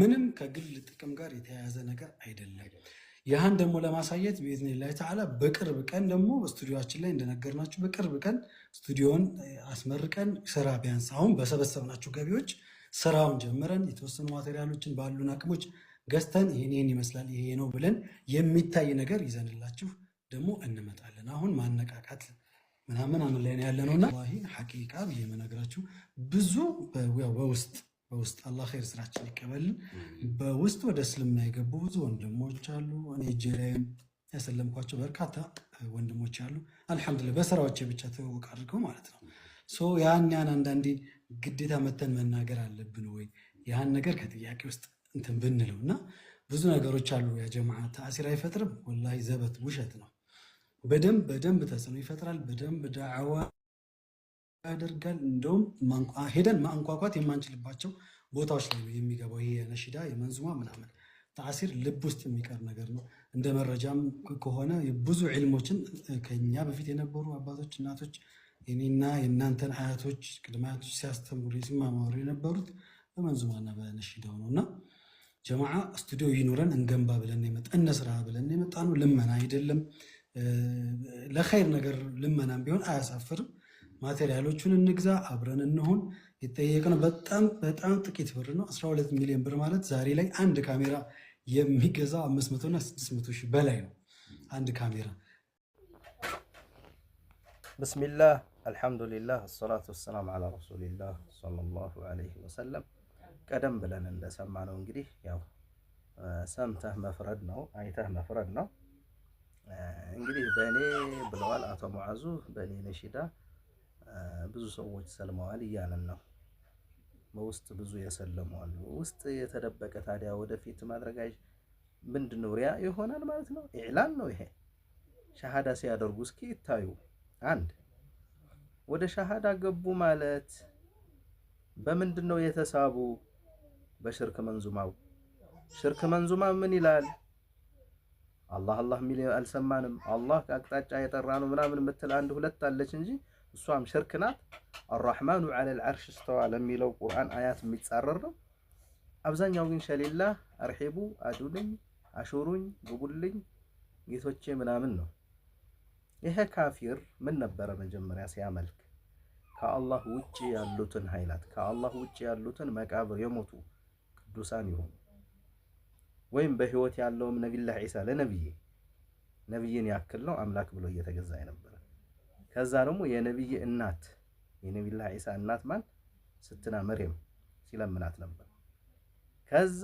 ምንም ከግል ጥቅም ጋር የተያያዘ ነገር አይደለም። ያህን ደግሞ ለማሳየት ቢዝኒ ላይ ተዓላ በቅርብ ቀን ደግሞ ስቱዲዮችን ላይ እንደነገርናችሁ በቅርብ ቀን ስቱዲዮን አስመርቀን ስራ ቢያንስ አሁን በሰበሰብናቸው ገቢዎች ስራውን ጀምረን የተወሰኑ ማቴሪያሎችን ባሉን አቅሞች ገዝተን ይህን ይመስላል ይሄ ነው ብለን የሚታይ ነገር ይዘንላችሁ ደግሞ እንመጣለን። አሁን ማነቃቃት ምናምን አምን ላይ ያለ ነውና ሐቂቃ ብዬ መነግራችሁ ብዙ በውስጥ በውስጥ አላህ ኸይር ስራችን ይቀበልን። በውስጥ ወደ እስልምና የገቡ ብዙ ወንድሞች አሉ። እኔ ያሰለምኳቸው በርካታ ወንድሞች አሉ። አልሐምዱሊላህ በስራዎች ብቻ ተወቅ አድርገው ማለት ነው። ያን ያን አንዳንዴ ግዴታ መተን መናገር አለብን ወይ ያን ነገር ከጥያቄ ውስጥ እንትን ብንለው እና ብዙ ነገሮች አሉ። ያ ተአሲር አይፈጥርም። ወላሂ ዘበት ውሸት ነው። በደንብ በደንብ ተጽዕኖ ይፈጥራል። በደንብ ዳዕዋ ያደርጋል። እንደውም ሄደን ማንኳኳት የማንችልባቸው ቦታዎች ላይ ነው የሚገባው። ይሄ የነሺዳ የመንዙማ ምናምን ተአሲር ልብ ውስጥ የሚቀር ነገር ነው። እንደ መረጃም ከሆነ ብዙ ዕልሞችን ከኛ በፊት የነበሩ አባቶች፣ እናቶች፣ የኔና የእናንተን አያቶች፣ ቅድመ አያቶች ሲያስተምሩ ሲማማሩ የነበሩት በመንዙማና በነሺዳው ነው እና ጀማዓ ስቱዲዮ ይኑረን እንገንባ ብለን የመጣ እነስራ ብለን የመጣ ነው። ልመና አይደለም ለኸይር ነገር ልመናም ቢሆን አያሳፍርም። ማቴሪያሎቹን እንግዛ፣ አብረን እንሆን። የጠየቅነው በጣም በጣም ጥቂት ብር ነው፣ 12 ሚሊዮን ብር ማለት ዛሬ ላይ አንድ ካሜራ የሚገዛው 500 እና 600 ሺህ በላይ ነው። አንድ ካሜራ። ብስሚላህ አልሐምዱሊላህ፣ አሰላቱ ወሰላም አላ ረሱሊላህ ሰለላሁ አለይሂ ወሰለም። ቀደም ብለን እንደሰማ ነው እንግዲህ ያው ሰምተህ መፍረድ ነው፣ አይተህ መፍረድ ነው። እንግዲህ በእኔ ብለዋል አቶ ሙዓዙ በእኔ ነሺዳ ብዙ ሰዎች ሰልመዋል እያልን ነው። በውስጥ ብዙ የሰለመዋል ውስጥ የተደበቀ ታዲያ ወደፊት ማድረጋጅ ምንድን ነው? ሪያ ይሆናል ማለት ነው። ኢዕላን ነው ይሄ። ሻሃዳ ሲያደርጉ እስኪ ይታዩ። አንድ ወደ ሻሃዳ ገቡ ማለት በምንድን ነው የተሳቡ? በሽርክ መንዙማው። ሽርክ መንዙማ ምን ይላል? አላህ አላህ የሚል አልሰማንም። አላህ ከአቅጣጫ የጠራ ነው ምናምን የምትል አንድ ሁለት አለች እንጂ እሷም ሽርክ ናት። አራሕማኑ ዓለል ዐርሽ እስተዋ ለሚለው ቁርአን አያት የሚጻረር ነው። አብዛኛው ግን ሸሊላ አርሒቡ አዱልኝ፣ አሹሩኝ፣ ግቡልኝ ጌቶቼ ምናምን ነው። ይሄ ካፊር ምን ነበረ መጀመሪያ ሲያመልክ ከአላህ ውጭ ያሉትን ኃይላት ከአላህ ውጭ ያሉትን መቃብር የሞቱ ቅዱሳን ይሆኑ ወይም በህይወት ያለውም ነቢላህ ዒሳ ለነብይ ነብይን ያክል ነው አምላክ ብሎ እየተገዛ የነበረ ከዛ ደግሞ የነቢይ እናት የነቢላ ዒሳ እናት ማን ስትና መርየም ሲለምናት ነበር ከዛ